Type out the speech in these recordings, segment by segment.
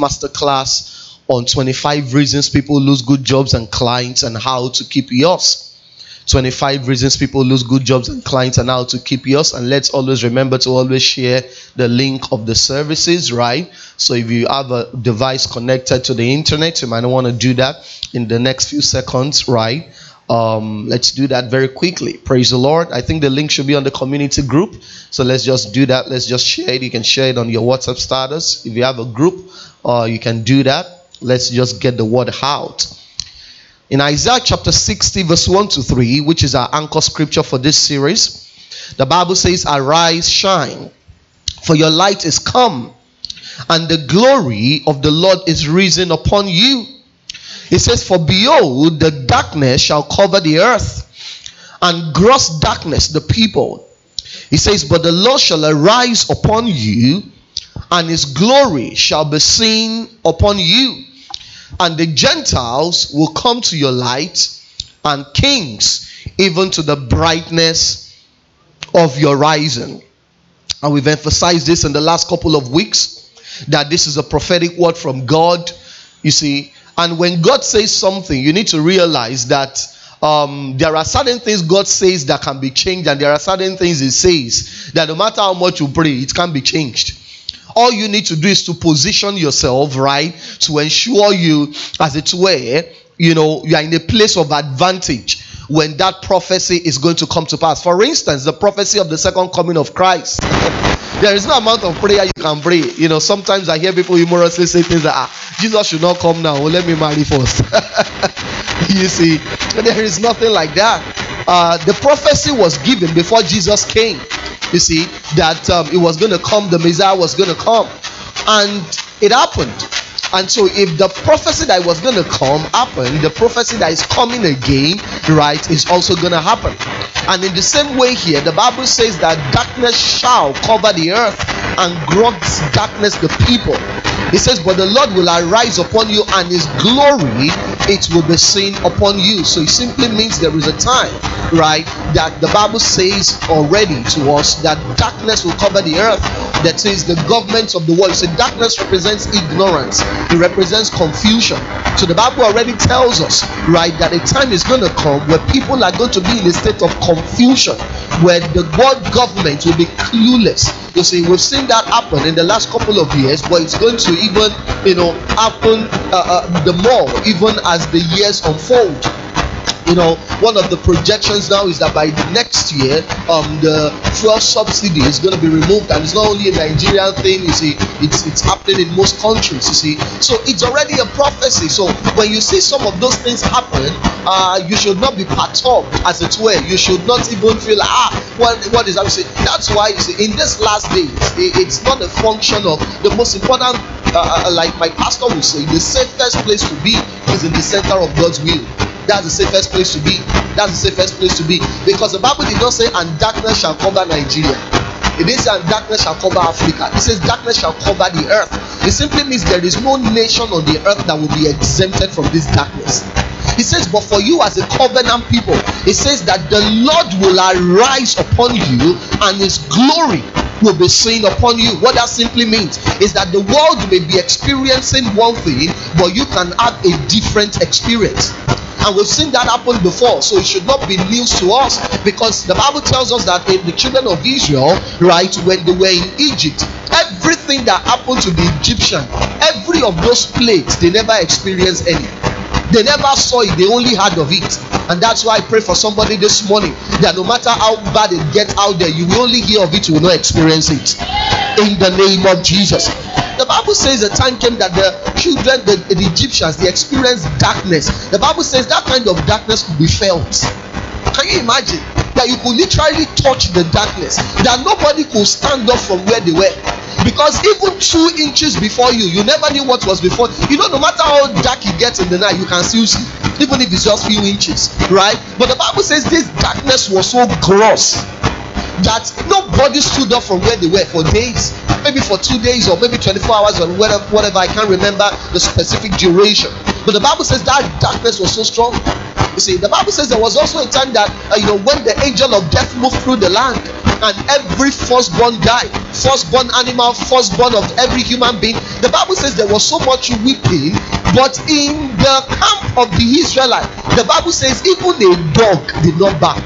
masterclass on 25 reasons people lose good jobs and clients and how to keep yours. 25 reasons people lose good jobs and clients and how to keep yours. And let's always remember to always share the link of the services, right? So if you have a device connected to the internet, you might want to do that in the next few seconds, right? Um, let's do that very quickly. Praise the Lord. I think the link should be on the community group. So let's just do that. Let's just share it. You can share it on your WhatsApp status. If you have a group, or you can do that. Let's just get the word out. In Isaiah chapter 60, verse 1 to 3, which is our anchor scripture for this series, the Bible says, Arise, shine, for your light is come, and the glory of the Lord is risen upon you. It says, For behold, the darkness shall cover the earth, and gross darkness the people. He says, But the Lord shall arise upon you, and his glory shall be seen upon you. And the Gentiles will come to your light, and kings even to the brightness of your rising. And we've emphasized this in the last couple of weeks that this is a prophetic word from God. You see, and when God says something, you need to realize that um, there are certain things God says that can be changed, and there are certain things He says that no matter how much you pray, it can be changed. All you need to do is to position yourself right to ensure you, as it were, you know, you are in a place of advantage when that prophecy is going to come to pass. For instance, the prophecy of the second coming of Christ. there is no amount of prayer you can pray. You know, sometimes I hear people humorously say things like, ah, Jesus should not come now. Well, let me marry first. you see, there is nothing like that. Uh, the prophecy was given before Jesus came. You see that um, it was going to come, the Messiah was going to come, and it happened. And so, if the prophecy that was going to come happened, the prophecy that is coming again, right, is also going to happen. And in the same way, here, the Bible says that darkness shall cover the earth and gross darkness the people. He says, But the Lord will arise upon you, and his glory it will be seen upon you. So it simply means there is a time, right, that the Bible says already to us that darkness will cover the earth. That says the governments of the world. So darkness represents ignorance it represents confusion. So the Bible already tells us, right, that a time is going to come where people are going to be in a state of confusion, where the world government will be clueless. You see, we've seen that happen in the last couple of years, but it's going to even, you know, happen uh, uh, the more even as the years unfold you know, one of the projections now is that by the next year, um, the fuel subsidy is going to be removed, and it's not only a Nigerian thing. You see, it's it's happening in most countries. You see, so it's already a prophecy. So when you see some of those things happen, uh, you should not be perturbed, as it were. You should not even feel like, ah, what what is that? You see, that's why you see in this last days, it, it's not a function of the most important. Uh, uh like my pastor will say, the safest place to be is in the center of God's will. That's the safest place to be. That's the safest place to be. Because the Bible did not say, and darkness shall cover Nigeria. It didn't say, and darkness shall cover Africa. It says, darkness shall cover the earth. It simply means there is no nation on the earth that will be exempted from this darkness. He says, But for you as a covenant people, it says that the Lord will arise upon you and his glory will be seen upon you. What that simply means is that the world may be experiencing one thing, but you can have a different experience. And we've seen that happen before, so it should not be news to us because the Bible tells us that the children of Israel, right, when they were in Egypt, everything that happened to the Egyptian, every of those plagues, they never experienced any they never saw it, they only heard of it. And that's why I pray for somebody this morning that no matter how bad it gets out there, you will only hear of it, you will not experience it. In the name of Jesus. The Bible says the time came that the children, the, the Egyptians, they experienced darkness. The Bible says that kind of darkness could be felt. Can you imagine that you could literally touch the darkness, that nobody could stand up from where they were? because even two inches before you you never knew what was before you know no matter how dark it gets in the night you can still see even if it's just few inches right but the bible says this darkness was so gross that nobody stood up from where they were for days maybe for two days or maybe 24 hours or whatever whatever i can't remember the specific duration so the Bible says that darkness was so strong. You see, the Bible says there was also a time that uh, you know when the angel of death moved through the land and every firstborn died, firstborn animal, firstborn of every human being. The Bible says there was so much weeping, but in the camp of the Israelite, the Bible says even a dog did not bark.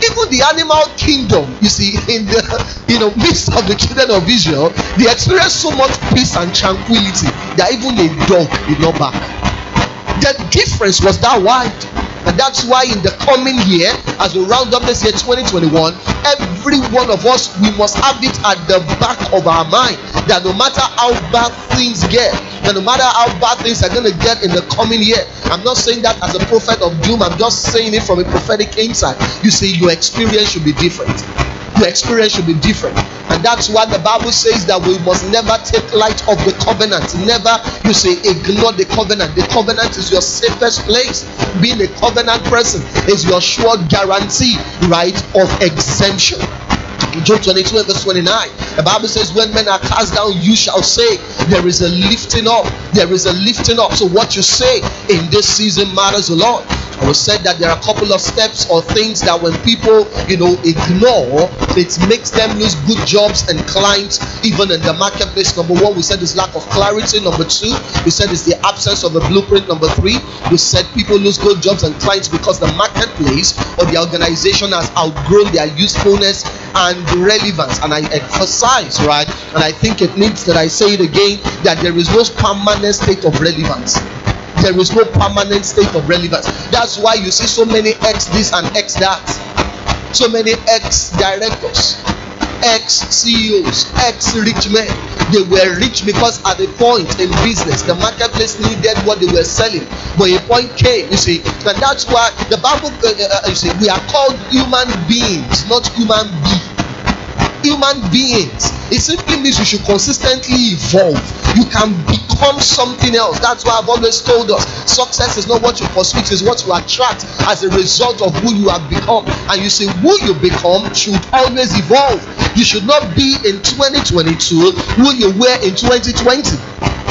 Even the animal kingdom, you see, in the you know midst of the children of Israel, they experienced so much peace and tranquility that even a dog did not bark. The difference was that wide. And that's why in the coming year, as we round up this year 2021, every one of us, we must have it at the back of our mind that no matter how bad things get, that no matter how bad things are going to get in the coming year, I'm not saying that as a prophet of doom, I'm just saying it from a prophetic insight. You see, your experience should be different. Your experience should be different and that's why the bible says that we must never take light of the covenant never you say ignore the covenant the covenant is your safest place being a covenant person is your sure guarantee right of exemption Job 22 verse 29. The Bible says, When men are cast down, you shall say, There is a lifting up. There is a lifting up. So, what you say in this season matters a lot. I was said that there are a couple of steps or things that when people, you know, ignore, it makes them lose good jobs and clients, even in the marketplace. Number one, we said is lack of clarity. Number two, we said is the absence of a blueprint. Number three, we said people lose good jobs and clients because the marketplace or the organization has outgrown their usefulness and the relevance and I emphasize, right? And I think it needs that I say it again that there is no permanent state of relevance. There is no permanent state of relevance. That's why you see so many ex this and ex that, so many ex directors, ex CEOs, ex rich men. They were rich because at a point in business, the marketplace needed what they were selling. But a point came, you see, and that's why the Bible, uh, uh, uh you see, we are called human beings, not human beings human beings. It simply means you should consistently evolve. You can become something else. That's why I've always told us success is not what you pursue, it is what you attract as a result of who you have become. And you see, who you become should always evolve. You should not be in 2022 who you were in 2020.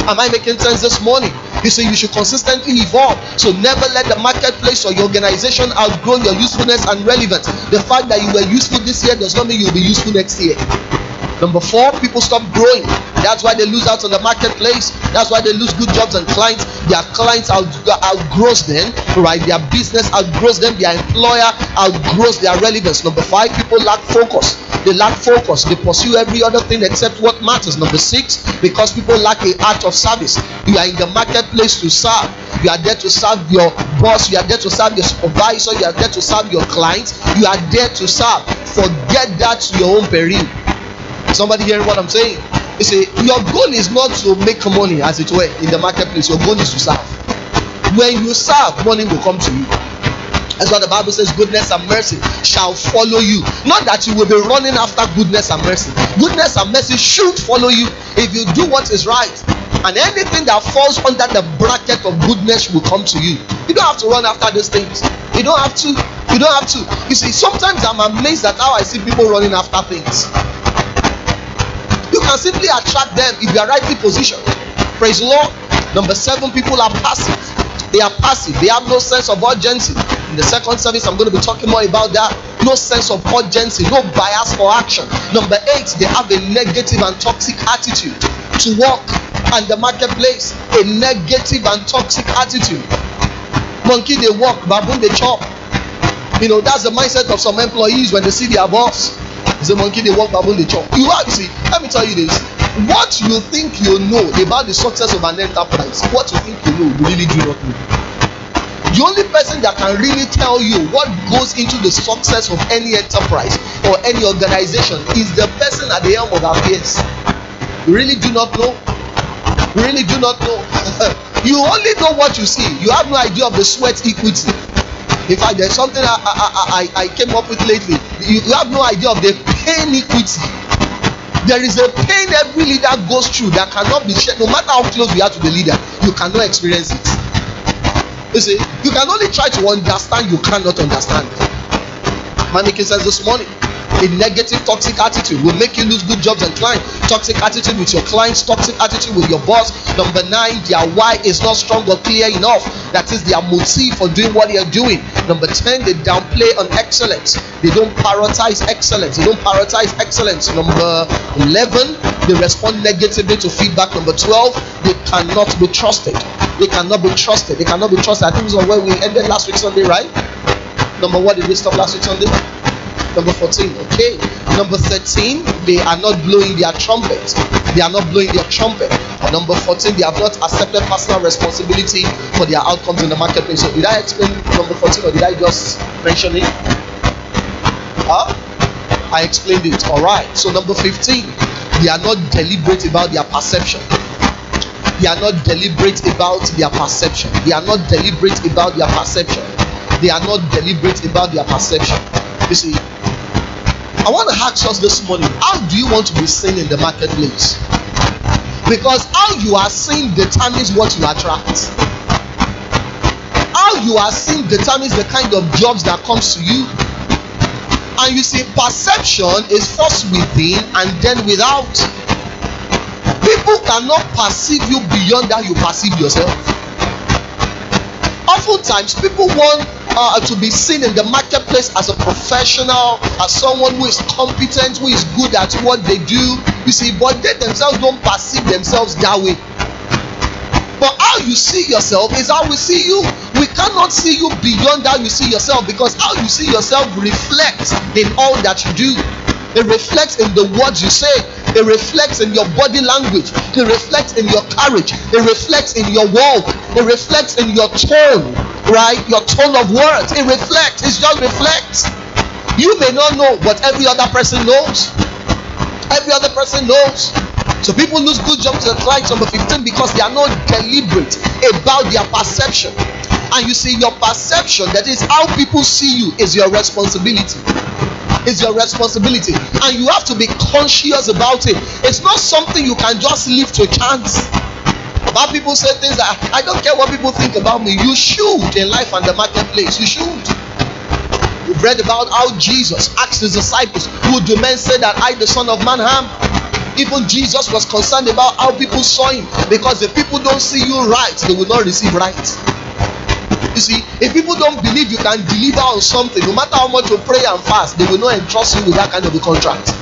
Am I making sense this morning? He said you should consistently evolve. So never let the marketplace or your organization outgrow your usefulness and relevance. The fact that you were useful this year does not mean you'll be useful next year. Number four, people stop growing. That's why they lose out on the marketplace. That's why they lose good jobs and clients. Their clients out, outgrows them, right? Their business outgrows them. Their employer outgrows their relevance. Number five, people lack focus. They lack focus. They pursue every other thing except what matters. Number six, because people lack a art of service. You are in the marketplace to serve. You are there to serve your boss. You are there to serve your supervisor. You are there to serve your clients. You are there to serve. Forget that to your own peril. Somebody hearing what I'm saying? You see, your goal is not to make money, as it were, in the marketplace. Your goal is to serve. When you serve, money will come to you. That's why the Bible says goodness and mercy shall follow you. Not that you will be running after goodness and mercy. Goodness and mercy should follow you if you do what is right. And anything that falls under the bracket of goodness will come to you. You don't have to run after those things. You don't have to. You don't have to. You see, sometimes I'm amazed at how I see people running after things can simply attract them if you are rightly positioned. Praise the Lord. Number seven, people are passive. They are passive. They have no sense of urgency. In the second service, I'm going to be talking more about that. No sense of urgency, no bias for action. Number eight, they have a negative and toxic attitude to work and the marketplace. A negative and toxic attitude. Monkey, they walk, baboon, they chop. You know, that's the mindset of some employees when they see their boss. The monkey dey walk baboon dey chop you are you see let me tell you this what you think you know about the success of an enterprise what you think you know you really do not know the only person that can really tell you what goes into the success of any enterprise or any organization is the person at the helm of affairs you really do not know you really do not know you only know what you see you have no idea of the sweat equity in fact there's something I, I i i came up with lately you, have no idea of the pain equity there is a pain every leader goes through that cannot be shared no matter how close you are to the leader you cannot experience it you see you can only try to understand you cannot understand man making sense this morning a negative toxic attitude will make you lose good jobs and clients toxic attitude with your clients toxic attitude with your boss number nine their why is not strong or clear enough that is their motive for doing what they are doing number 10 they downplay on excellence they don't prioritize excellence they don't prioritize excellence number 11 they respond negatively to feedback number 12 they cannot be trusted they cannot be trusted they cannot be trusted i think this is where we ended last week sunday right number one, did we stop last week sunday Number 14, okay. Number 13, they are not blowing their trumpet. They are not blowing their trumpet. Number 14, they have not accepted personal responsibility for their outcomes in the marketplace. So, did I explain number 14 or did I just mention it? Huh? I explained it. All right. So, number 15, they are not deliberate about their perception they are not deliberate about their perception they are not deliberate about their perception they are not deliberate about their perception you see I want to ask us this morning how do you want to be seen in the marketplace? Because how you are seen determines what you attract. How you are seen determines the kind of jobs that comes to you. And you see, perception is first within and then without. People cannot perceive you beyond that you perceive yourself. Oftentimes, people want uh, to be seen in the marketplace as a professional, as someone who is competent, who is good at what they do. You see, but they themselves don't perceive themselves that way. But how you see yourself is how we see you. We cannot see you beyond how you see yourself because how you see yourself reflects in all that you do. It reflects in the words you say. It reflects in your body language. It reflects in your courage. It reflects in your walk. It reflects in your tone right? Your tone of words, it reflects, it just reflects. You may not know, what every other person knows. Every other person knows. So people lose good jobs at right number 15 because they are not deliberate about their perception. And you see, your perception, that is how people see you, is your responsibility is your responsibility and you have to be conscious about it it's not something you can just leave to chance Bad people say things that I don't care what people think about me. You should in life and the marketplace. You should. We've read about how Jesus asked his disciples, Who do men say that I, the Son of Man, am? Even Jesus was concerned about how people saw him because if people don't see you right, they will not receive right. You see, if people don't believe you can deliver on something, no matter how much you pray and fast, they will not entrust you with that kind of a contract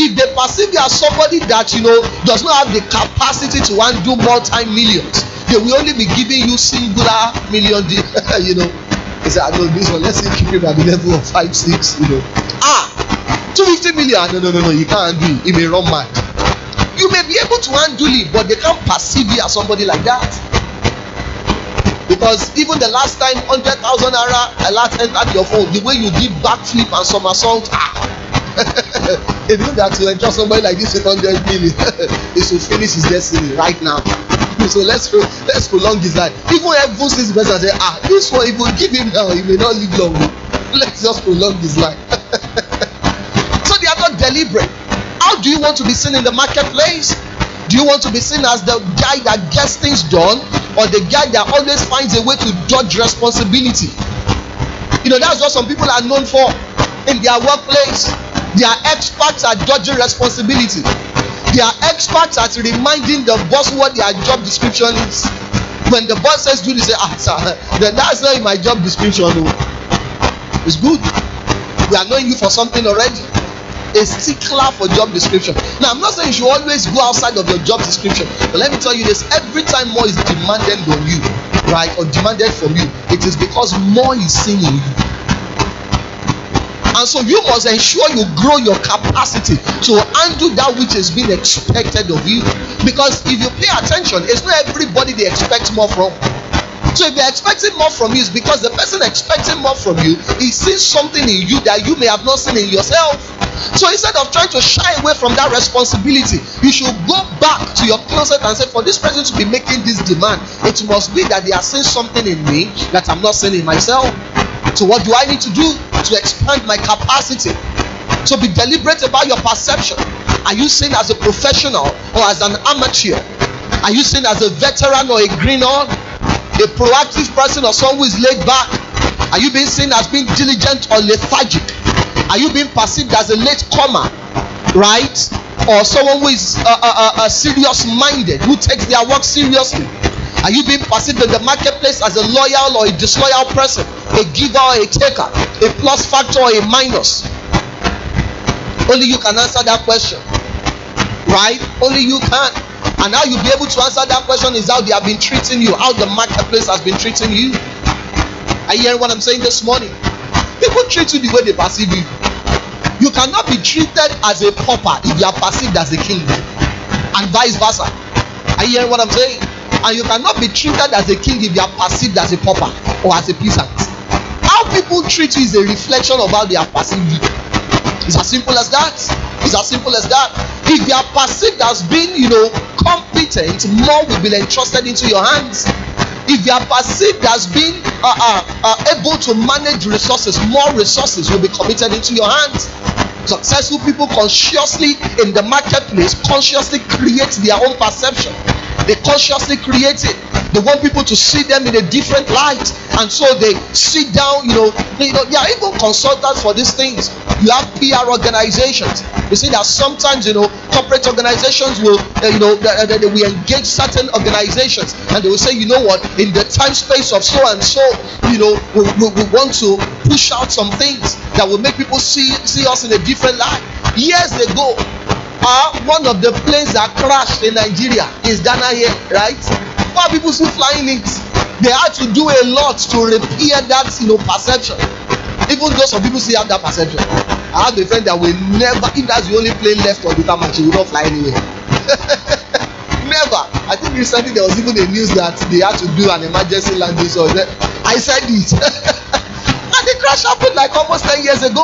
if they perceive you as somebody that you know does not have the capacity to wan do multi millions they will only be giving you singular million you know he say I ah, know this one let's see if you at the level of five six you know ah two fifty million no no no no you can't do it he may run mad you may be able to handle it but they can't perceive you as somebody like that because even the last time hundred thousand naira alert at your phone the way you did backflip and somersault ah if you that to entrust somebody like this with hundred million he should finish his destiny right now so let's let's prolong his life even heaven sees the person and say ah this one if we give him now he may not live long let's just prolong his life so they are not deliberate how do you want to be seen in the marketplace do you want to be seen as the guy that gets things done or the guy that always finds a way to dodge responsibility you know that's what some people are known for in their workplace they are experts at judging responsibility. They are experts at reminding the boss what their job description is. When the boss says do this, say, ah, sir, then that's not in my job description. Oh. It's good. We are knowing you for something already. A stickler for job description. Now, I'm not saying you should always go outside of your job description, but let me tell you this every time more is demanded on you, right, or demanded from you, it is because more is seen in you and so you must ensure you grow your capacity to handle that which is being expected of you because if you pay attention it's not everybody they expect more from so if they're expecting more from you it's because the person expecting more from you is seeing something in you that you may have not seen in yourself so instead of trying to shy away from that responsibility you should go back to your closet and say for this person to be making this demand it must be that they are seeing something in me that i'm not seeing in myself so, what do I need to do to expand my capacity? So, be deliberate about your perception. Are you seen as a professional or as an amateur? Are you seen as a veteran or a greenhorn? A proactive person or someone who is laid back? Are you being seen as being diligent or lethargic? Are you being perceived as a late comer? Right? Or someone who is uh, uh, uh, uh serious minded, who takes their work seriously? Are you being perceived in the marketplace as a loyal or a disloyal person? a giver or a taker, a plus factor or a minus. Only you can answer that question. Right? Only you can. And how you'll be able to answer that question is how they have been treating you, how the marketplace has been treating you. Are you hearing what I'm saying this morning? People treat you the way they perceive you. You cannot be treated as a pauper if you are perceived as a king, and vice versa. Are you hearing what I'm saying? And you cannot be treated as a king if you are perceived as a pauper or as a peasant people treat you is a reflection of how they are perceived you it's as simple as that it's as simple as that if you are perceived as being you know competent more will be entrusted into your hands if you are perceived as being uh, uh, uh, able to manage resources more resources will be committed into your hands successful people consciously in the marketplace consciously create their own perception they consciously create it they want people to see them in a different light, and so they sit down. You know, they, you know, are even consultants for these things. You have PR organizations. You see that sometimes you know corporate organizations will uh, you know that they, they, will engage certain organizations, and they will say, you know what, in the time space of so and so, you know, we, we, we want to push out some things that will make people see see us in a different light. Years ago, uh, one of the planes that crashed in Nigeria is Dana here, right? poor people still flying it they had to do a lot to repair that you know perception even though some people still have that perception i have a friend that will never if that's the only plane left on the tarmac she will not fly anywhere never i think recently there was even a news that they had to do an emergency landing so i said it and the crash happened like almost ten years ago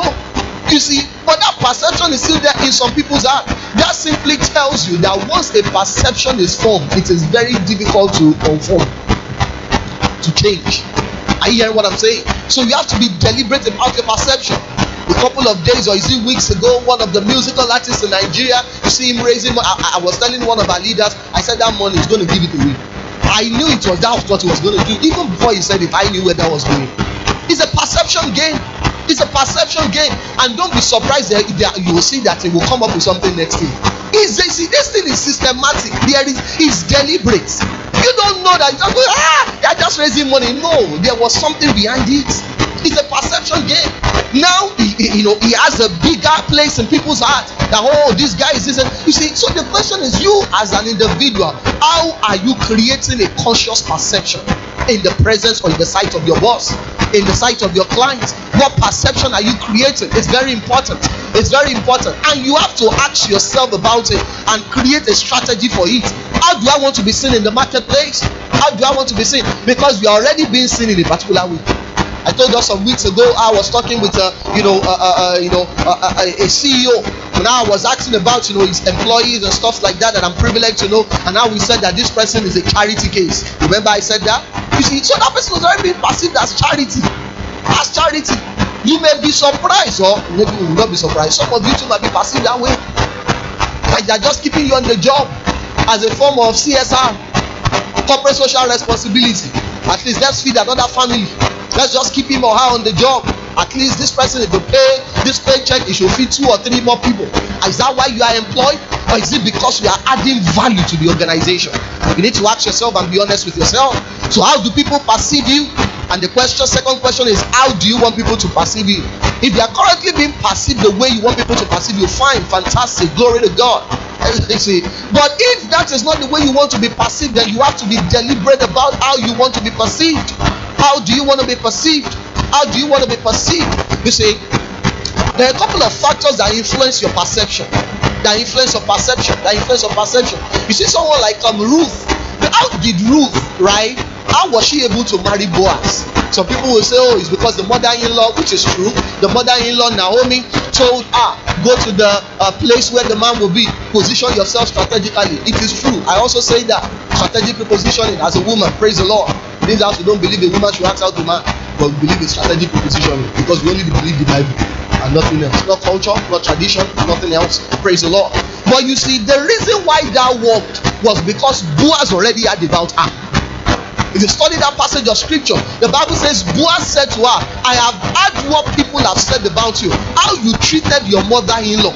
You see, but that perception is still there in some people's heart. That simply tells you that once a perception is formed, it is very difficult to conform, to change. Are you hearing what I'm saying? So you have to be deliberate about your perception. A couple of days or is it weeks ago, one of the musical artists in Nigeria, you see him raising money. I, I was telling one of our leaders, I said that money is going to give it away. I knew it was that was what he was going to do even before he said it. I knew where that was going. It's a perception game. It's a perception game, and don't be surprised that you will see that it will come up with something next week. Is this this thing is systematic? There is is deliberate. You don't know that you're ah, they're just raising money. No, there was something behind it. It's a perception game. Now you know he has a bigger place in people's heart. That oh, this guy is this. You see, so the question is, you as an individual, how are you creating a conscious perception in the presence or in the sight of your boss? in the sight of your clients? What perception are you creating? It's very important. It's very important. And you have to ask yourself about it and create a strategy for it. How do I want to be seen in the marketplace? How do I want to be seen? Because we are already being seen in a particular way. I told you some weeks ago I was talking with a uh, you know a, uh, a, uh, you know a, a CEO and I was asking about you know his employees and stuff like that that I'm privileged to know and now we said that this person is a charity case. Remember I said that you, so that person was already being perceived as charity as charity you may be surprised or maybe you will not be surprised some of you too might be perceived that way like they are just keeping you on the job as a form of csr corporate social responsibility at least let's feed another family let's just keep him or her on the job at least this person if you pay this paycheck it should feed two or three more people is that why you are employed or is it because you are adding value to the organization you need to ask yourself and be honest with yourself so how do people perceive you and the question second question is how do you want people to perceive you if you are currently being perceived the way you want people to perceive you fine fantastic glory to god you see but if that is not the way you want to be perceived then you have to be deliberate about how you want to be perceived how do you want to be perceived how do you want to be perceived? You see, there are a couple of factors that influence your perception. That influence your perception. That influence your perception. You see, someone like um, Ruth. How did Ruth, right? How was she able to marry Boaz? Some people will say, oh, it's because the mother-in-law, which is true. The mother-in-law Naomi told her, go to the uh, place where the man will be. Position yourself strategically. It is true. I also say that strategic positioning as a woman. Praise the Lord. In this don't believe a woman should act out the man but we believe in strategic propositioning because we only believe the Bible and nothing else. Not culture, not tradition, nothing else. Praise the Lord. But you see, the reason why that worked was because Boaz already had about her. If you study that passage of scripture, the Bible says, Boaz said to her, I have heard what people have said about you, how you treated your mother in law,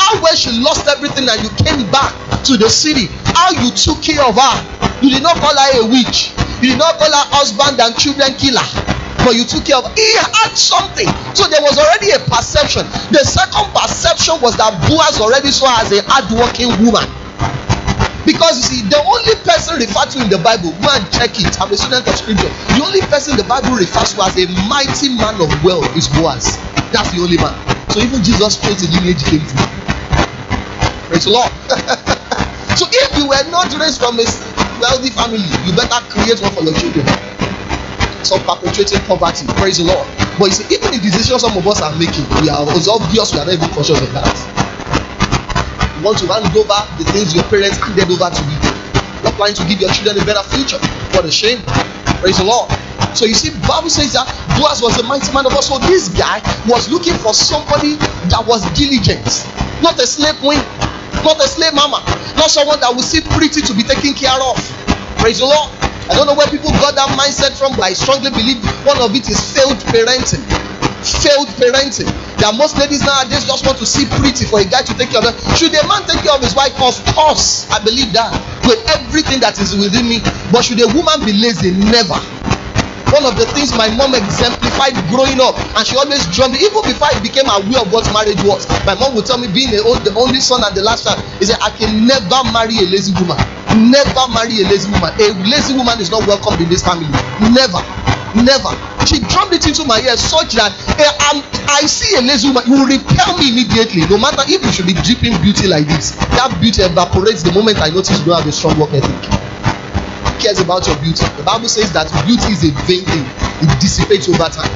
how when she lost everything and you came back to the city, how you took care of her. You did not call her a witch, you did not call her husband and children killer but you took care of he had something so there was already a perception the second perception was that boaz already saw as a hardworking woman because you see the only person referred to in the bible go and check it i'm a student of scripture the only person the bible refers to as a mighty man of wealth is boaz that's the only man so even jesus praise the lineage came through praise the lord so if you were not raised from a wealthy family you better create one for your children Some perpetuating poverty praise the lord but you see even the decisions some of us are making we are it's obvious we are not even conscious of that you want to hand over the things your parents handed over to you not planning to give your children a better future what a shame praise the lord so you see bible says that boaz was a mighty man of us. so this guy was looking for somebody that was diligent not a slave queen not a slave mama not someone that would seem pretty to be taken care of praise the lord I don't know where people got that mindset from, but I strongly believe one of it is failed parenting. Failed parenting. There are most ladies nowadays just want to see pretty for a guy to take care of them. Should a man take care of his wife? Of course, I believe that with everything that is within me. But should a woman be lazy? Never. one of the things my mom exemplified growing up and she always drummed even before i became aware of what marriage was my mom would tell me being a the only son and the last child he said, i can never marry a lazy woman never marry a lazy woman a lazy woman is not welcome in this family never never she drummed it into my ear such that eh, i see a lazy woman you repel me immediately no matter if you should be dripping beauty like this that beauty evaporates the moment i notice you don't have a strong work ethic cares about your beauty the bible says that beauty is a vain thing it dissipates over time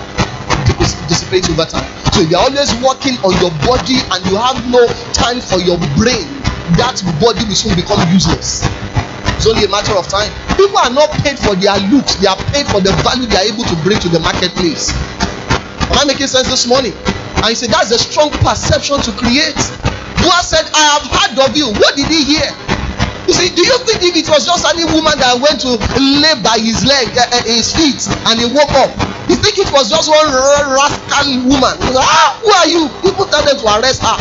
it dissipates over time so if you are always working on your body and you have no time for your brain that body will soon become useless it's only a matter of time people are not paid for their looks they are paid for the value they are able to bring to the marketplace am i making sense this morning and he said that's a strong perception to create boaz said i have heard of you what did he hear you see, do you think if it was just any woman that went to lay by his leg, uh, his feet, and he woke up? You think it was just one rascal woman? Ah, who are you? People tell them to arrest her.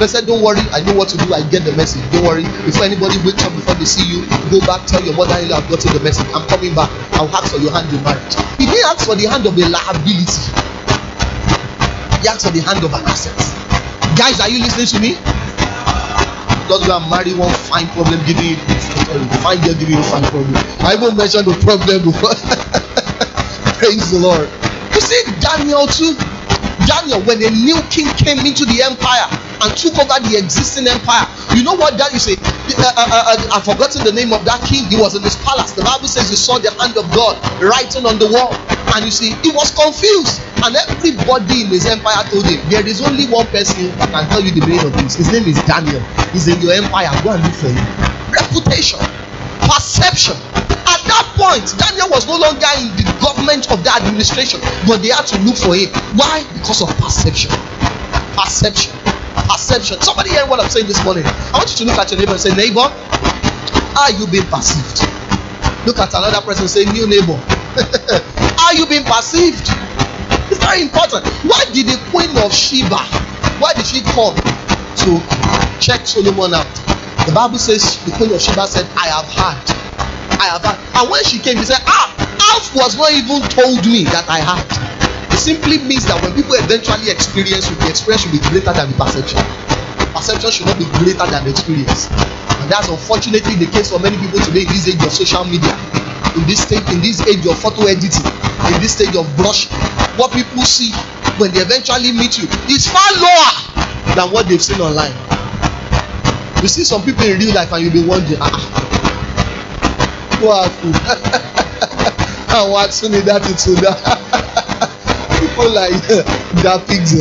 They said, Don't worry, I know what to do. I get the message. Don't worry. Before anybody wakes up, before they see you, go back, tell your mother in law, I've gotten the message. I'm coming back. I'll ask for your hand in marriage. He didn't ask for the hand of a liability, he asked for the hand of an asset. Guys, are you listening to me? just go and marry one fine problem give me fine girl give you fine problem i won't mention the problem before praise the lord you see daniel too daniel when a new king came into the empire and took over the existing empire you know what that you say uh, uh, uh, i've forgotten the name of that king he was in his palace the bible says he saw the hand of god writing on the wall and you see he was confused And everybody in his empire told him, There is only one person that can tell you the meaning of this. His name is Daniel. He's in your empire. Go and look for him. Reputation, perception. At that point, Daniel was no longer in the government of the administration, but they had to look for him. Why? Because of perception. Perception. Perception. Somebody hear what I'm saying this morning. I want you to look at your neighbor and say, Neighbor, are you being perceived? Look at another person and say, New neighbor. are you being perceived? very important. Why did the queen of Sheba, why did she come to check Solomon out? The Bible says the queen of Sheba said, I have had. I have had. And when she came, she said, Ah, Alf was not even told me that I had. It simply means that when people eventually experience with the experience will be greater than the perception. perception should not be greater than experience and that's unfortunately the case for many people today in this age of social media in this stage in this age of photo editing in this stage of brushing what people see when they eventually meet you is far lower than what they've seen online you see some people in real life and you be wondering ah who are you àwọn atúnidá that? tún dá. people like that pigs.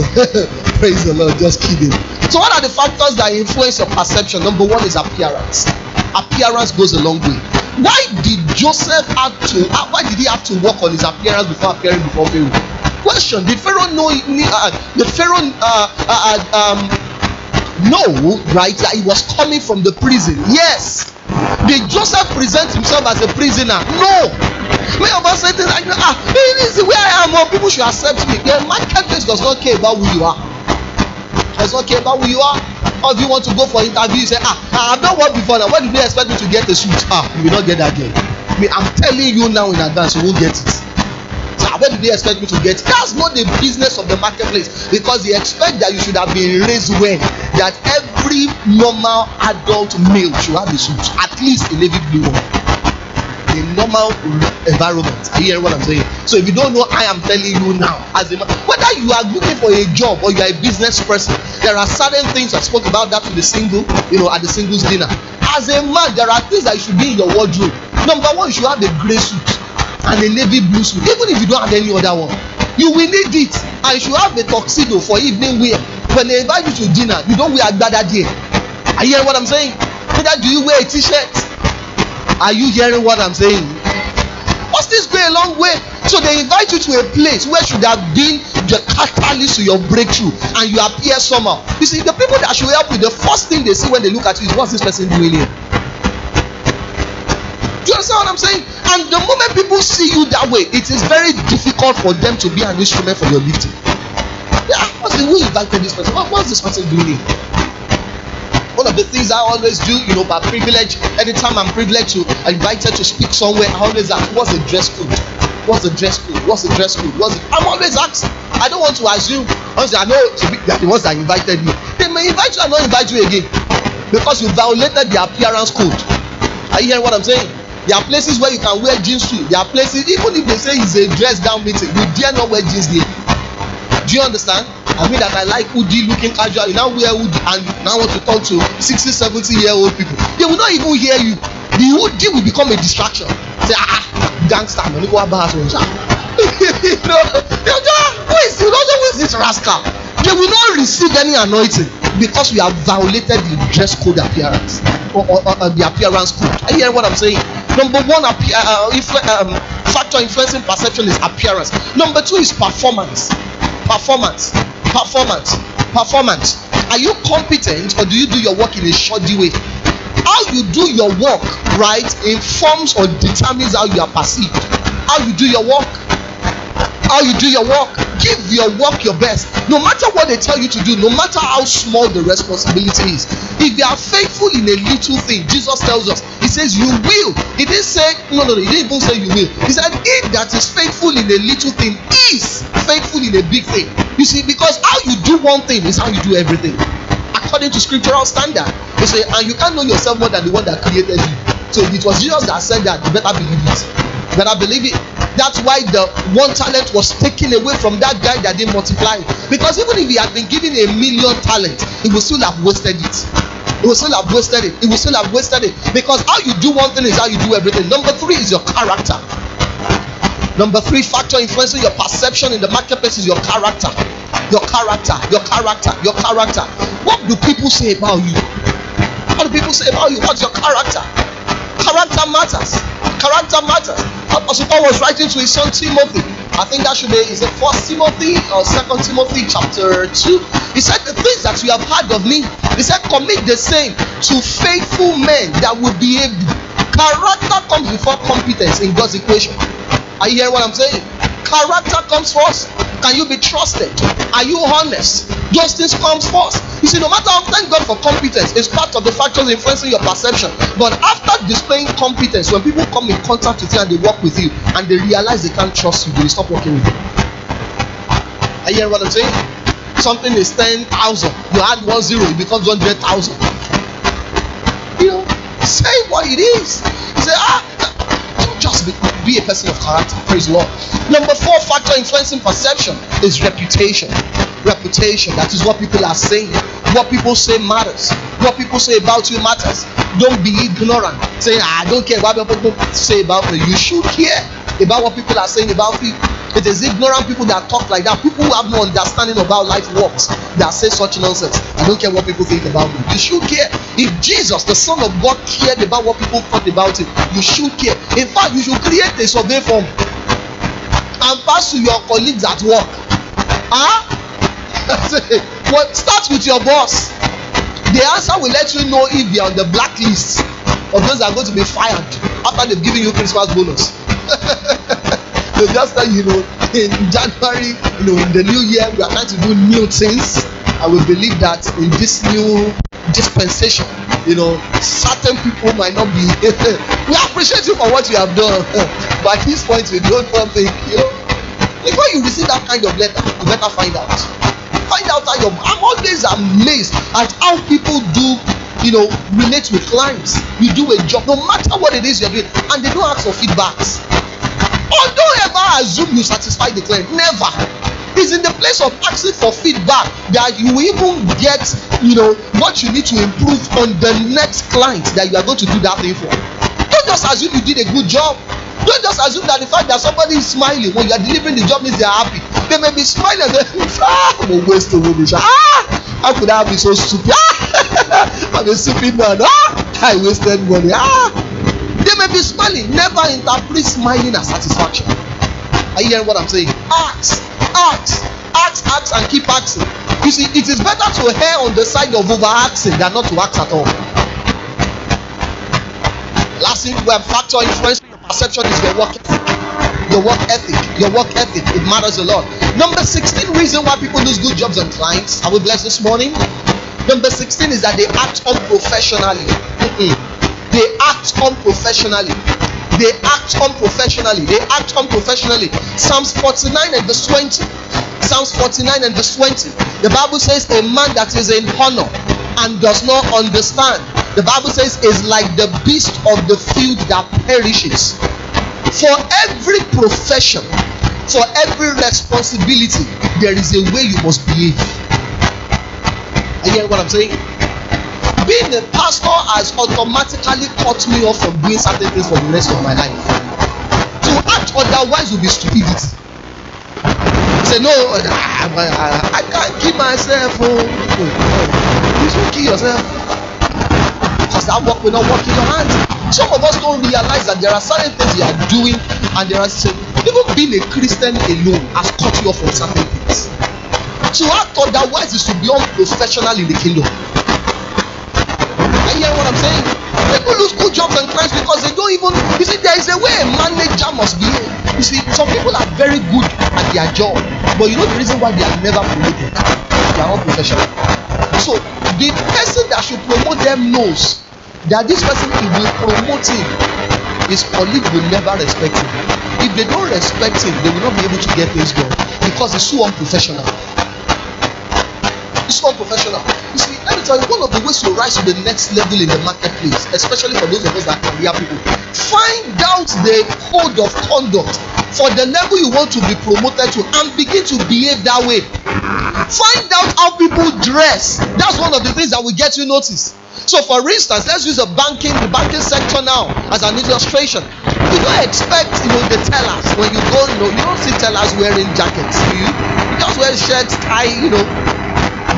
Praise the Lord. Just kidding. So, what are the factors that influence your perception? Number one is appearance. Appearance goes a long way. Why did Joseph have to? Why did he have to work on his appearance before appearing before Pharaoh? Question: Did Pharaoh know? Uh, the Pharaoh uh, uh, uh, um, know right that he was coming from the prison? Yes. Did Joseph present himself as a prisoner? No. Many of us say things like, ah, it is where I am, or people should accept me. The marketplace does not care about who you are. Does not care about who you are. Or if you want to go for interview, you say, ah, ah I've not work before now. What do they expect me to get a suit? Ah, you will not get that again. Me, I'm telling you now in advance, you won't get it. So where do they expect me to get? That's not the business of the marketplace because they expect that you should have been raised well, that every normal adult male should have a suit, at least a navy blue one the normal environment are you hearing what i'm saying so if you don't know i am telling you now as a man whether you are looking for a job or you are a business person there are certain things i spoke about that to the single you know at the singles dinner as a man there are things that should be in your wardrobe number one you should have a grey suit and a navy blue suit even if you don't have any other one you will need it and you should have a tuxedo for evening wear when they invite you to dinner you don wear agbada there are you hearing what i'm saying whether do you wear a t-shirt are you hearing what i'm saying what's this go a long way so they invite you to a place where should have been the catalyst to your breakthrough and you appear somehow you see the people that should help you the first thing they see when they look at you is what's this person doing here do you understand what i'm saying and the moment people see you that way it is very difficult for them to be an instrument for your lifting yeah what's the who invited this person what, what's this person doing here one of the things I always do, you know, by privilege, anytime I'm privileged to I'm invited to speak somewhere, I always ask, what's the dress code? What's the dress code? What's the dress code? What's the... I'm always asking. I don't want to assume. Honestly, I know they are the ones that invited me. They may invite you and not invite you again because you violated the appearance code. Are you hearing what I'm saying? There are places where you can wear jeans too. There are places, even if they say it's a dress down meeting, you dare not wear jeans there do you understand i mean that i like Udi looking casual you now wear Udi, and now now want to talk to sixty seventy year old people they will not even hear you the Udi will become a distraction say ah, ah gangster money go abba house oja you know they go who is who is this rascal they will not receive any anointing because we have violated the dress code appearance or, or, or, or uh, the appearance code are you hearing what i'm saying number one uh, uh, influ um, factor influencing perception is appearance number two is performance Performance, performance, performance. Are you competent or do you do your work in a shoddy way? How you do your work, right, informs or determines how you are perceived. How you do your work, how you do your work. Give your work your best. No matter what they tell you to do, no matter how small the responsibility is. If you are faithful in a little thing, Jesus tells us, He says, You will he didn't say, no, no, no, he didn't even say you will. He said, he that is faithful in a little thing is faithful in a big thing. You see, because how you do one thing is how you do everything. According to scriptural standard, You say, and you can't know yourself more than the one that created you. So it was Jesus that said that, you better believe it. You better believe it. That's why the one talent was taken away from that guy that didn't multiply. Because even if he had been given a million talent, he would still have wasted it you will still have wasted it. You will still have wasted it because how you do one thing is how you do everything. Number three is your character. Number three factor influencing your perception in the marketplace is your character. Your character, your character, your character. What do people say about you? What do people say about you? What's your character? Character matters. Character matters. Apostle Paul was writing to his son Timothy. I think that should be is it First Timothy or Second Timothy chapter two. He said the things that you have heard of me. He said commit the same to faithful men that will be able. Character comes before competence in God's equation. Are you hearing what I'm saying? Character comes first can you be trusted? Are you honest? Those things come first. You see, no matter how thank God for competence, it's part of the factors influencing your perception. But after displaying competence, when people come in contact with you and they work with you and they realize they can't trust you, they stop working with you. Are you hearing what I'm saying? Something is ten thousand. You add one zero, it becomes hundred thousand. You know, say what it is. You say, ah, just be, be a person of character. Praise the Lord. Number four factor influencing perception is reputation. Reputation. That is what people are saying. What people say matters. What people say about you matters. Don't be ignorant. Saying, ah, I don't care what people say about me. You should care about what people are saying about you. It is ignorant people that talk like that. People who have no understanding about life works that say such nonsense. I don't care what people think about me. You should care. If Jesus, the Son of God, cared about what people thought about him, you should care. In fact, you should create a survey form and pass to your colleagues at work. Huh? well, start with your boss. The answer will let you know if you are on the blacklist of those that are going to be fired after they've given you Christmas bonus. so just that you know in january you know in the new year we are trying to do new things and we believe that in this new dispensation you know certain people might not be we appreciate you for what you have done but at this point we don't know thank you before you receive that kind of letter you better find out find out how your i'm always amazed at how people do you know relate with clients you do a job no matter what it is you're doing and they don't ask for feedbacks Oh, don't ever assume you satisfy the client. Never. It's in the place of asking for feedback that you even get, you know, what you need to improve on the next client that you are going to do that thing for. Don't just assume you did a good job. Don't just assume that the fact that somebody is smiling when you are delivering the job means they are happy. They may be smiling and say, ah, I'm a waste of money. Ah, how could I be so stupid? Ah, I'm a stupid man. Ah, I wasted money. Ah, They may be smiling, never interpret smiling as satisfaction. Are you hearing what I'm saying? Ask, ask, ask, ask, and keep asking. You see, it is better to err on the side of over asking than not to ask at all. Last thing, where factor influencing your perception is your work ethic. Your work ethic, your work ethic, it matters a lot. Number 16 reason why people lose good jobs and clients. Are we blessed this morning? Number 16 is that they act unprofessionally. Mm-mm. They act unprofessionally. They act unprofessionally. They act unprofessionally. Psalms 49 and verse 20. Psalms 49 and verse 20. The Bible says, A man that is in honor and does not understand. The Bible says, is like the beast of the field that perishes. For every profession, for every responsibility, there is a way you must behave. Are you hearing what I'm saying? being a pastor has automatically cut me off from doing certain things for the rest of my life to act otherwise would be stupidity say no i i i can't kill myself o oh. oh, oh. you should kill yourself because that work will not work in your hands some of us don't realize that there are certain things you are doing and there are certain even being a christian alone has cut you off from certain things to act otherwise is to be unprofessional in the kingdom I hear what I'm saying? People lose good jobs and crimes because they don't even. You see, there is a way a manager must behave. You see, some people are very good at their job, but you know the reason why they are never promoted? They are not professional. So the person that should promote them knows that this person he will promote him. His colleague will never respect him. If they don't respect him, they will not be able to get his job because he's so unprofessional. He's so unprofessional. You see, spiritual one of the ways to rise to the next level in the marketplace especially for those of us that are career people find out the code of conduct for the level you want to be promoted to and begin to behave that way find out how people dress that's one of the things that will get you noticed so for instance let's use a banking the banking sector now as an illustration you don't expect you know the tellers when you go you know you don't see tellers wearing jackets you just wear shirts tie you know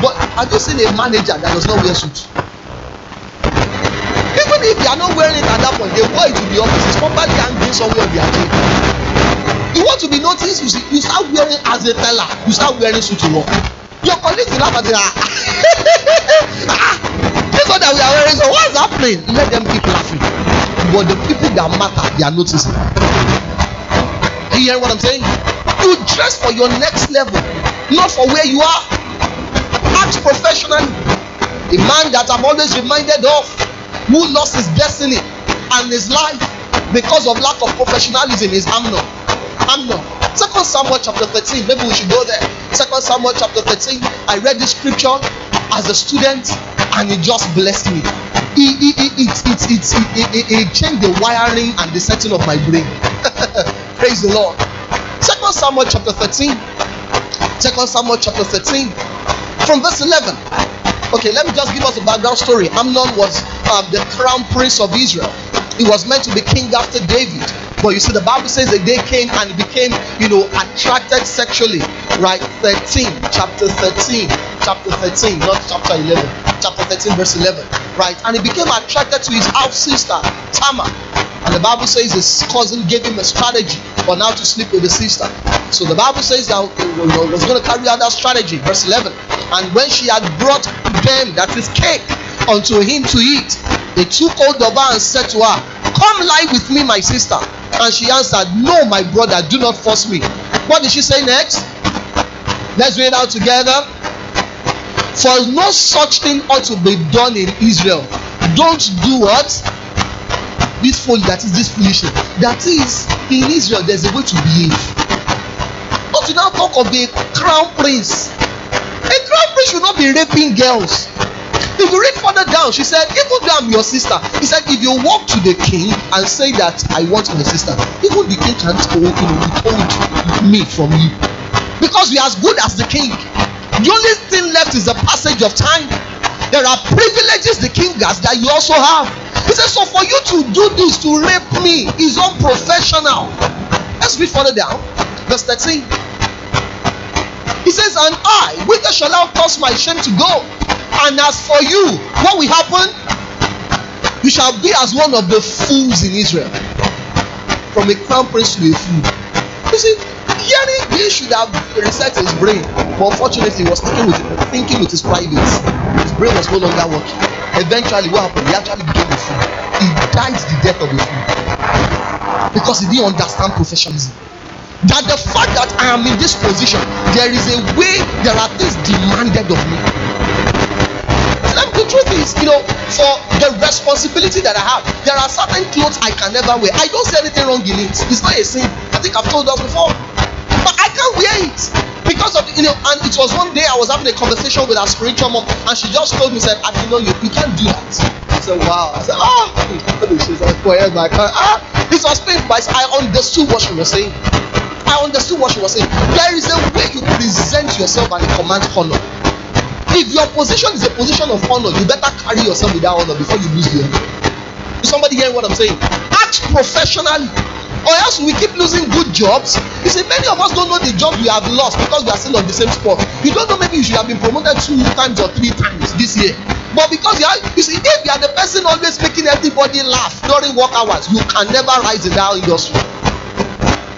but have you seen a manager that does not wear suit? Even if they are not wearing it at that point, they wore to the office. It's probably hanging somewhere on their chain. You want to be noticed, you, see, you start wearing as a teller, you start wearing suit to work. Your are will laugh at you. Ah, ah, this one that we are wearing, so what's happening? Let them keep laughing. But the people that matter, they are noticing. Are you hearing what I'm saying? You dress for your next level, not for where you are works professionally. The man that I'm always reminded of who lost his destiny and his life because of lack of professionalism is Amnon. Amnon. Second Samuel chapter 13. Maybe we should go there. Second Samuel chapter 13. I read this scripture as a student and it just blessed me. It it it it it it, it, it, it changed the wiring and the setting of my brain. Praise the Lord. Second Samuel chapter 13. Second Samuel chapter 13. From verse 11. Okay, let me just give us a background story. Amnon was um, the crown prince of Israel. He was meant to be king after David. But you see, the Bible says the day came and he became, you know, attracted sexually. Right? 13, chapter 13 chapter 13, not chapter 11, chapter 13, verse 11, right? And he became attracted to his half sister, Tamar. And the Bible says his cousin gave him a strategy for now to sleep with his sister. So the Bible says that he was going to carry out that strategy, verse 11. And when she had brought them, that is cake, unto him to eat, he took hold of her and said to her, Come lie with me, my sister. And she answered, No, my brother, do not force me. What did she say next? Let's read it out together. For no such thing ought to be done in Israel. Don't do what? This folly that is this foolish That is, in Israel, there's a way to behave. But you now talk of a crown prince. A crown prince should not be raping girls. If you read further down, she said, Even though I'm your sister, he said, If you walk to the king and say that I want my sister, even the king can't hold, you know, me from you. Because you're as good as the king. The only thing left is the passage of time. There are privileges the king has that you also have. He says, So for you to do this, to rape me, is unprofessional. Let's read further down. Verse 13. He says, And I, whither shall I cause my shame to go? And as for you, what will happen? You shall be as one of the fools in Israel. From a crown prince to a fool. You see, hearing he should have reset his brain but unfortunately he was thinking with thinking with his private his brain was no longer working eventually what happened he actually became a fool he died the death of a fool because he didn't understand professionalism that the fact that i am in this position there is a way there are things demanded of me and the truth is you know for the responsibility that i have there are certain clothes i can never wear i don't see anything wrong in it it's not a sin i think i've told us before but I can't wear it because of you know. And it was one day I was having a conversation with our spiritual mom, and she just told me, said, "I know you, you can't do that." I said, "Wow." I said, "Ah." Oh. She's like, "Wherever I can." Ah, this was painful, but I understood what she was saying. I understood what she was saying. There is a way you present yourself and command honor. If your position is a position of honor, you better carry yourself with that honor before you lose the honor. Is somebody hearing what I'm saying? Act professionally or else we keep losing good jobs you see many of us don't know the jobs we have lost because we are still on the same spot you don't know maybe you should have been promoted two times or three times this year but because you are you see if you are the person always making everybody laugh during work hours you can never rise in that industry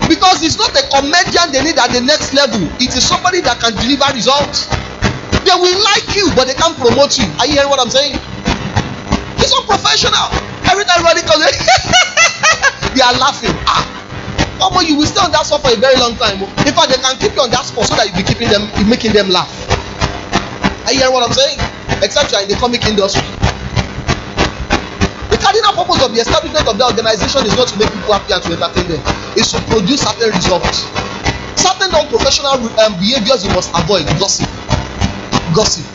because it's not a comedian they need at the next level it is somebody that can deliver results they will like you but they can't promote you are you hearing what i'm saying He's not professional every time everybody comes they are laughing ah omo oh, you will stay on that spot for a very long time oh. in fact they can keep you on that spot so that you be keeping them be making them laugh are you hear what i'm saying except you are in the comic industry the cardinal purpose of the establishment of that organization is not to make people happy and to entertain them it's to produce certain results certain non-professional um, behaviours you must avoid gossip gossip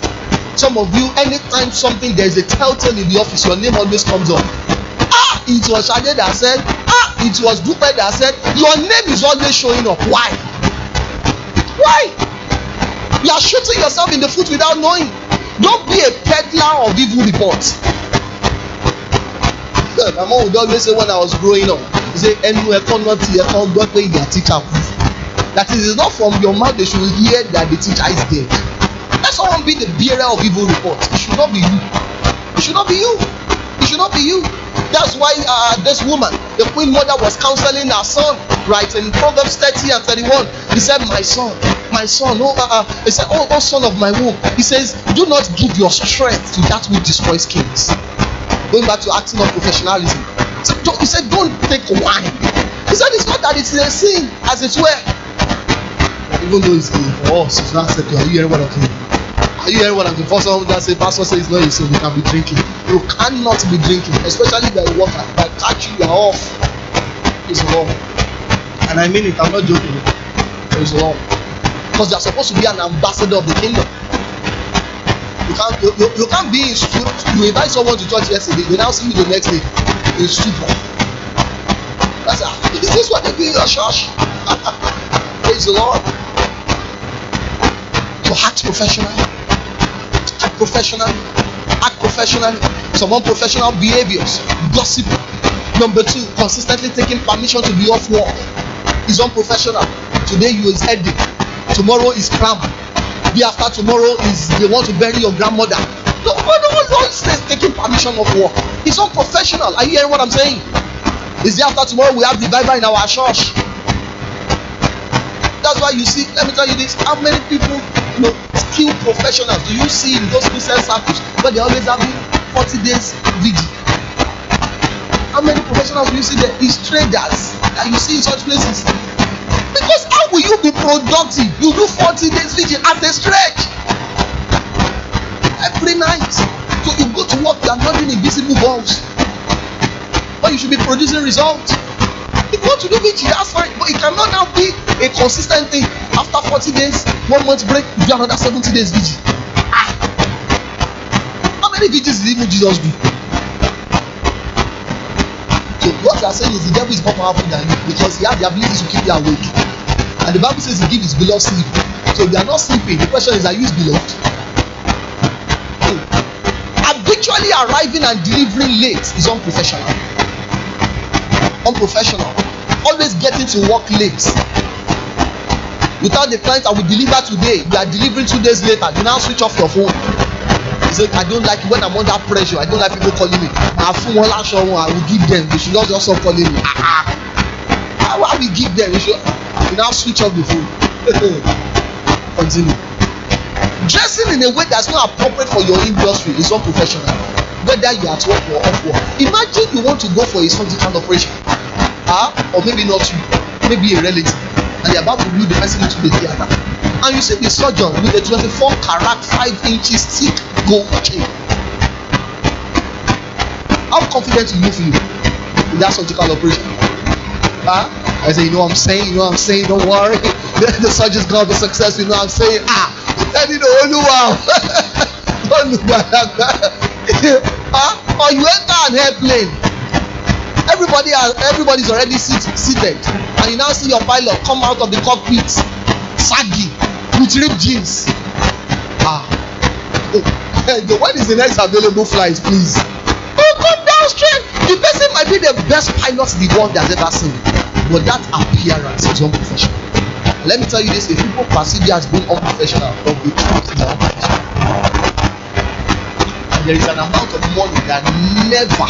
some of you anytime something there is a telltale in the office your name always comes up ah it was Sade that said ah it was Dupe that said your name is always showing up why why you are shooting yourself in the foot without knowing don't be a peddler of evil reports hmm, my mom would always say when I was growing up he say ẹnu ẹ̀kọ́ náà ti ẹ̀kọ́ gbọ́ pé ìyá teacher kú that is it's not from your mouth they should hear that the teacher is dead let someone be the bearer of evil report it should not be you it should not be you it should not be you. That's why uh, this woman, the queen mother, was counseling her son, right? In Proverbs 30 and 31, he said, My son, my son, oh, uh, uh, he said, oh, oh, son of my womb. He says, Do not give your strength to that which destroys kings. Going back to acting of professionalism. So, he said, Don't take wine. He said, It's not that it's a sin, as it were. Even though it's for us, it's not said, Are you hearing what I'm saying? Are you hear what I'm saying? For that say pastor says no, you say you can be drinking. You cannot be drinking, especially by water. By catching you off. It's wrong. And I mean it, I'm not joking. It's wrong. Because you're supposed to be an ambassador of the kingdom. You can't you, you, you can't be in You invite someone to church yesterday, you now see me the next day It's stupid. That's a, is this what they do in your church? Praise the Lord. Your act professional. act professionally, act professionally, some unprofessional behaviors, gossip. Number two, consistently taking permission to be off work is unprofessional. Today you is headache, tomorrow is cramp, day after tomorrow is they want to bury your grandmother. No, no, no, no, it's taking permission off work. is unprofessional. Are you hearing what I'm saying? Is day after tomorrow we have revival in our church. that's why you see let me tell you this how many people you know skilled professionals do you see in those business circles where they always have forty days video how many professionals do you see there is traders that you see in such places because how will you be productive you do forty days video at a stretch every night so you go to work you are not doing invisible balls but you should be producing results he go to do which that's fine but it cannot now be a consis ten t thing after forty days one month break do another seventy days vigil ah how many vigils did even jesus do so what you are saying is the devil is more powerful than you because he has the ability to keep you awake and the bible says he give his beloved sleep so you are not sleeping the question is are you his beloved so hmm. habitually arriving and delivering late is unprofessional unprofessional always getting to work late without the client i will deliver today you are delivering two days later you now switch off your phone he say i don't like it when i'm under pressure i don't like people calling me na fún wọn láṣọ wọn i will give them they should not just stop calling me ah ah i will, give them you should you now switch off the phone continue dressing in a way that's not appropriate for your industry is unprofessional whether you are at work or off work imagine you want to go for a something kind of operation uh, or maybe not you maybe a relative and they are about to glue the person into the theatre and you see the surgeon with a twenty-four carat five inches thick gold chain how confident you feel in that surgical operation ah huh? i say you know what i'm saying you know what i'm saying don't worry the, surgeon's gonna be successful you know what i'm saying ah you na olúwa olùgbàlagbà ah or you enter an airplane everybody has Everybody is already sit, seated and you now see your pilot come out of the cockpit saggy with ripped jeans ah oh when is the next available flight please oh come down straight the person might be the best pilot the world has ever seen but that appearance is unprofessional let me tell you this if people perceive you as being unprofessional don't be true to And there is an amount of money that never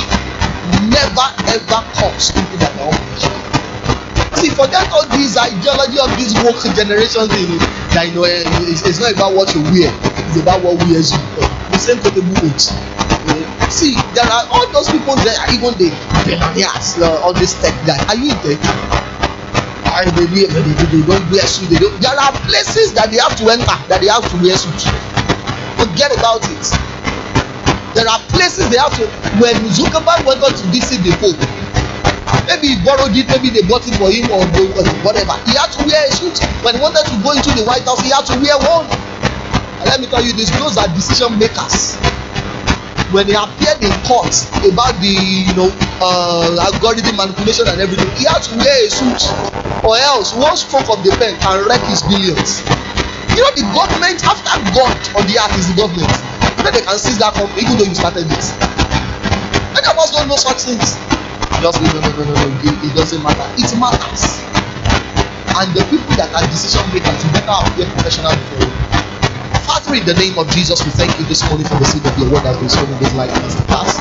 never ever comes into their own see forget all these ideology of these woke generations. thing you that you know eh, it's, it's not about what you wear it's about what wears you the same comfortable age you see there are all those people there even the billionaires you uh, all these tech guys, are you there and they wear they, they, they don't wear suits. there are places that they have to enter that they have to wear suits. forget about it There are places they have to. When Zuckerberg went on to visit the Pope, maybe he borrowed it, maybe they bought it for him or whatever. He had to wear a suit. When he wanted to go into the White House, he had to wear one. And let me tell you this those are decision makers. When he appeared in court about the you know uh, algorithm manipulation and everything, he had to wear a suit, or else one stroke of the pen can wreck his billions. You know the government after God on the earth is the government and they can seize that company even though you started it many of us don't know such things just no no no no no it, it doesn't matter it matters and the people that are decision makers you better appear professional before you father in the name of jesus we thank you this morning for the seed of your word that has been spoken in this life as it past.